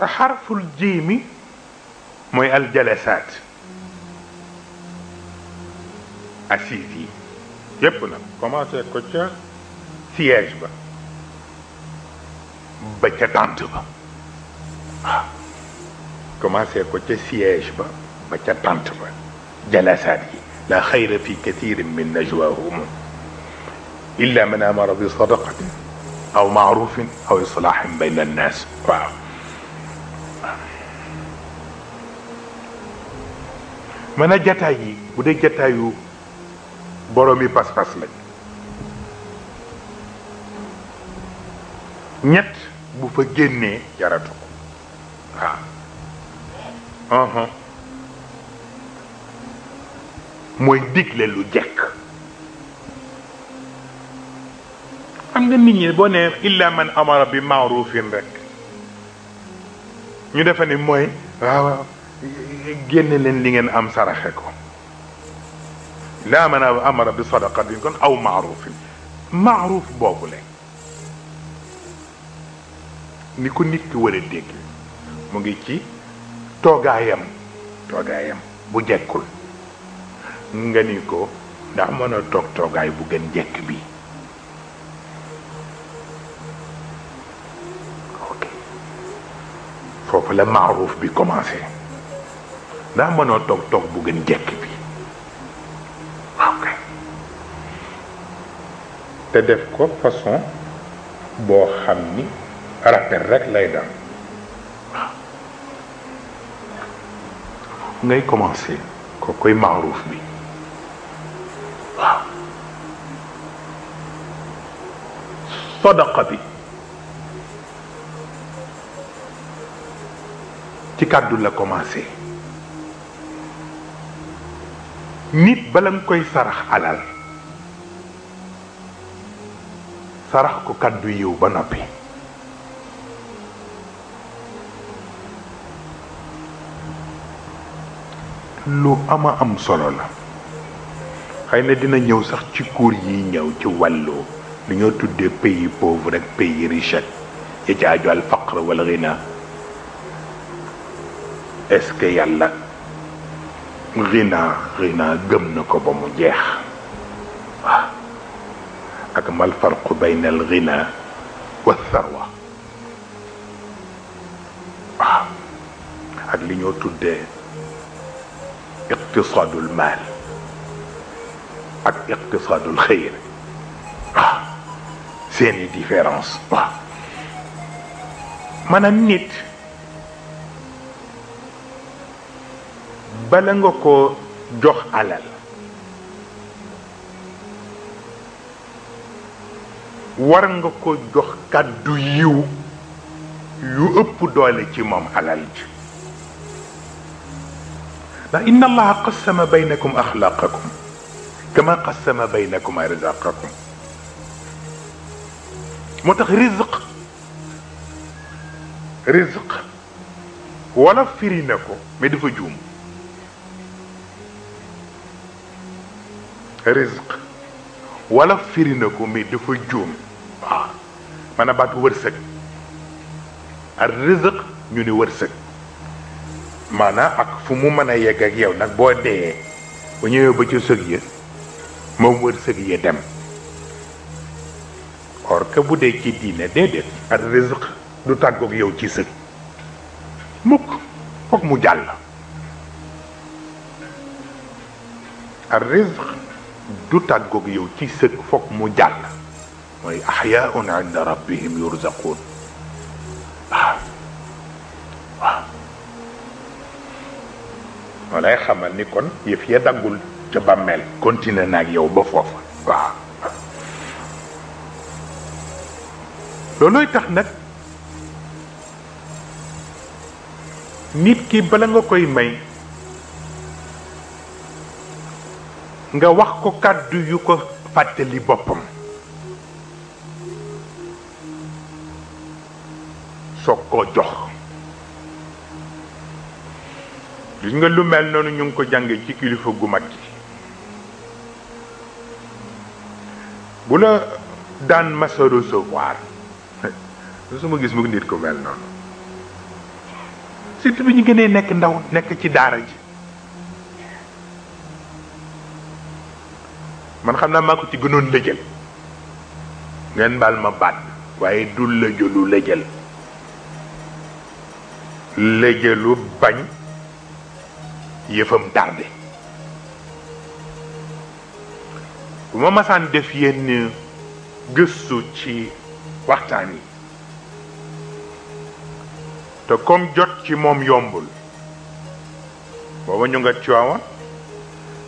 حرف الجيم موي الجلسات اسيدي يبنا كما تكوتيا سياج بكتانتو كما تكوتيا سياج بكتانتو بكا جلسات لا خير في كثير من نجواهم الا من امر بصدقه او معروف او اصلاح بين الناس واو. mën a jataay yi bu dee jataayu borom yi pas-pas lañ ñett bu fa génnee jaratu ko waaw mooy digle lu jekk na nit ñi bo ne illa man amara bi ma'rufin rek ñu defe moy waaw génne leen li ngeen am saraxe ko la man amara bi sadaqatin kun aw ma'rufin ma'ruf bobu le ni ko nit ki wara a dégg mu ngi ci toogaayam toogaayam bu jekkul nga ni ko ndax mën a toog toogaay bu gën jekk bi foofu la maaruuf bi commencé ndax mënoo toog toog bu gën jekk bi waaw kay te def ko façon boo xam ni rappel rek lay daan waaw ngay commencé ko koy maaruuf bi waaw sadaqa bi ci kàddu la commencé nit bala nga koy sarax alal sarax ko kàddu yiw ba noppi lu ama am solo la xëy na dina ñëw sax ci cours yi ñëw ci wàllu lu ñoo tuddee pays pauvre ak pays riche ya ci aju al faqr wal est ce que yàlla rina rina gëm nako ba mu jeex ak mal farq bayna al ghina wa tharwa waaw ak li ñoo tuddé tuddee al mal ak al khair c'est une différence manam nit bala nga ko jox alal war nga ko jox kàddu yiw yu ëpp doole ci moom alal ji ndax inna allaha qassama baynakum axlaqakum kama qassama baynakum arzaqakum moo tax rizq rizq wala firi na ko mais dafa juum risque wala firi na ko mais dafa juum waaw ah, maanaam baatu wërsëg ar risque ñu ni wërsëg maanaam ak fu mu mën a yegg ak yow nag boo dee bu ñëwee ba ci sëg ya moom wërsëg ya dem or bu dee ci diine déedéet ar risque du tàggoog yow ci sëg mukk foog mu jàll dutaat googu yow ci sëg foog mu jàll mooy axyaaun inda rabbihim yurzaquun waaw waaw moo lay xamal ni kon yëf ya daggul ca bàmmeel continué naag yow ba foofa waaw loolooy tax nag nit ki bala nga koy may nga wax ko kàddu yu ko fàttali boppam soog koo jox gis nga lu mel noonu ñu ngi ko jànge ci kilifa gu mag gi bu la daan masa recevoir su ma gis mu nit ko mel noonu surtout bi ñu gënee nekk ndaw nekk ci daara ji man xam naa ma ko ci gënoon la jël ngeen baal ma baat waaye du lëjëlu la jël lëjëlu bañ yëfam tardé bu ma masaan def yenn gëstu ci waxtaan yi te comme jot ci moom yombul booba ñu nga Tiwaawan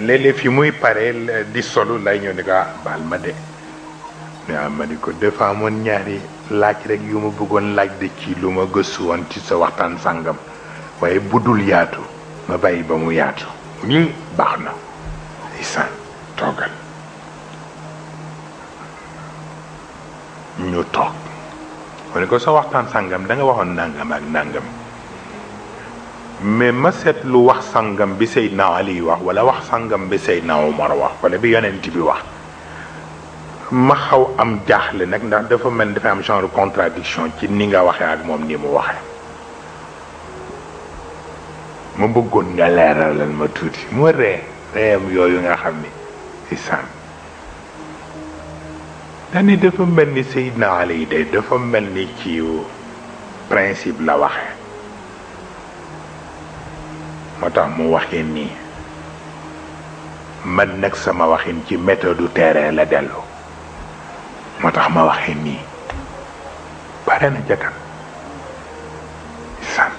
léeg-léeg fi muy pare di solu lay ñëw ni ko ah baal ma de waaw ah, ma ni ko dafa amoon ñaari laaj rekk yu ma bëggoon laaj de ci lu ma gëstu woon ci sa waxtaan sàngam waaye bu dul yaatu ma bàyyi ba mu yaatu ñu baax na isaan toogal ñu toog ma ni ko sa waxtaan sàngam danga nga waxoon nàngam ak nàngam mais ma seetlu wax sangam bi Seydina Ali wax wala wax sangam bi Seydina umar wax wala bi yonent bi wax ma xaw am jaxle nak ndax dafa mel dafa am genre contradiction ci ni nga waxe ak mom ni mu waxe ma bëggoon nga lan ma tuuti mu re reeyam yooyu nga xam ni isaan dani dafa mel ni Seydina Ali day dafa mel ni ci principe la waxe motax tax mu waxee nii man nak sama waxin ci méthode terrain la delu motax ma waxe ni pare na jatam san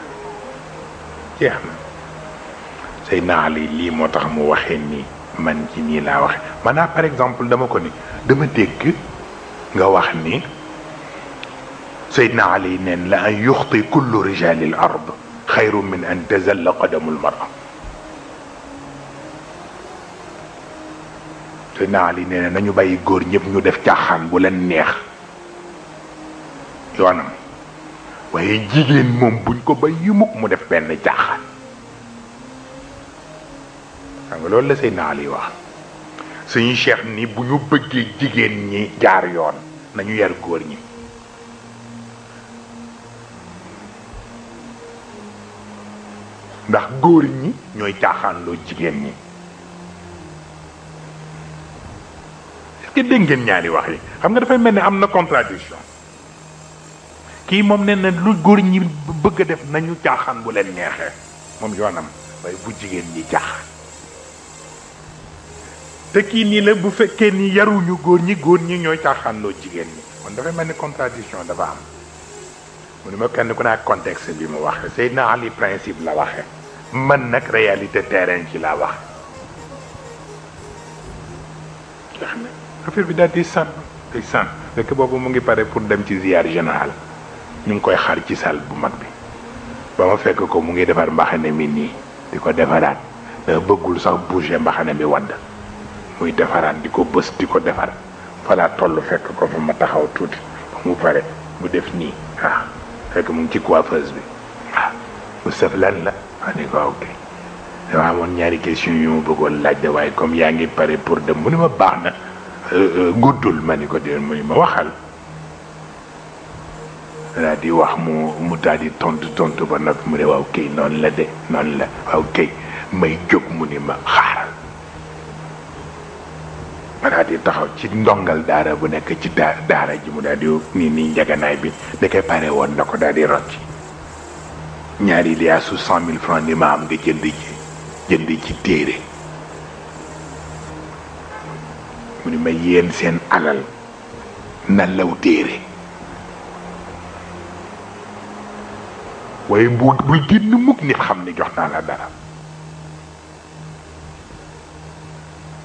jeex na say naali lii moo tax mu waxe ni man ci ni la waxe maanaam par exemple dama ko ni dama dégg nga wax ni سيدنا علي neen la an yuxti kullu rijali خير من ان تزل قدم المرأة سيدنا علي نينا نانيو باي غور نيب نيو ديف تاخان بو لن نيه يوانم واي جيجين موم بو نكو باي يموك مو ديف بن تاخان xam lool la seyna ali wax suñu cheikh ni bu ñu bëggee jigéen ñi jaar yoon nañu yar góor ñi ndax góor ñi ñooy caaxaanloo jigéen ñi est-ce que ngeen ñaari wax yi xam nga dafay mel ni am na contradiction kii moom nee lu góor ñi bëgg a def nañu caaxaan bu leen neexee moom yoonam waaye bu jigéen ñi caaxaan te kii nii la bu fekkee ni yaruñu góor ñi góor ñi ñooy caaxaanloo jigéen ñi kon dafay mel ni contradiction dafa am mu ne ma kenn ku ne ak contexte bi mu waxe Seydina Ali principe la waxe man nag réalité terrain ci laa wax nga xam ne affaire bi daal di sant day sant boobu mu ngi pare pour dem ci ziar général ñu ngi koy xaar ci salle bu mag bi ba ma fekk ko mu ngi defar mbaxane mi nii di ko defaraat da euh, bëggul sax bouger mbaxane mi wadd muy defaraat di ko bës di ko defar falaa toll fekk ko fa ma taxaw tuuti ba mu pare mu def nii ah fekk mu ngi ci coiffeuse bi ah Oustaz la ma ni ko ah, ok dama amoon ñaari question yu ma bëggoon laaj de waaye comme yaa ngi pare pour dem mu ni ma baax na euh, euh, guddul ma ni ko dé mu ni ma waxal daa di wax mu mu daal di tontu tontu ba nag mu ne waaw kay noonu la de noonu la waaw kay may jóg mu ni ma ma daal di taxaw ci ndongal daara bu nekk ci daara ji mu daal di nii nii njaganaay bi ndeke pare woon na ko daal di rocci ñaari liyaasu cent mille francs ni ma am nga jënd ji jënd ci téere mu ni ma yéen seen alal na law téere waaye bu bul génn mukk nit xam ne jox naa la dara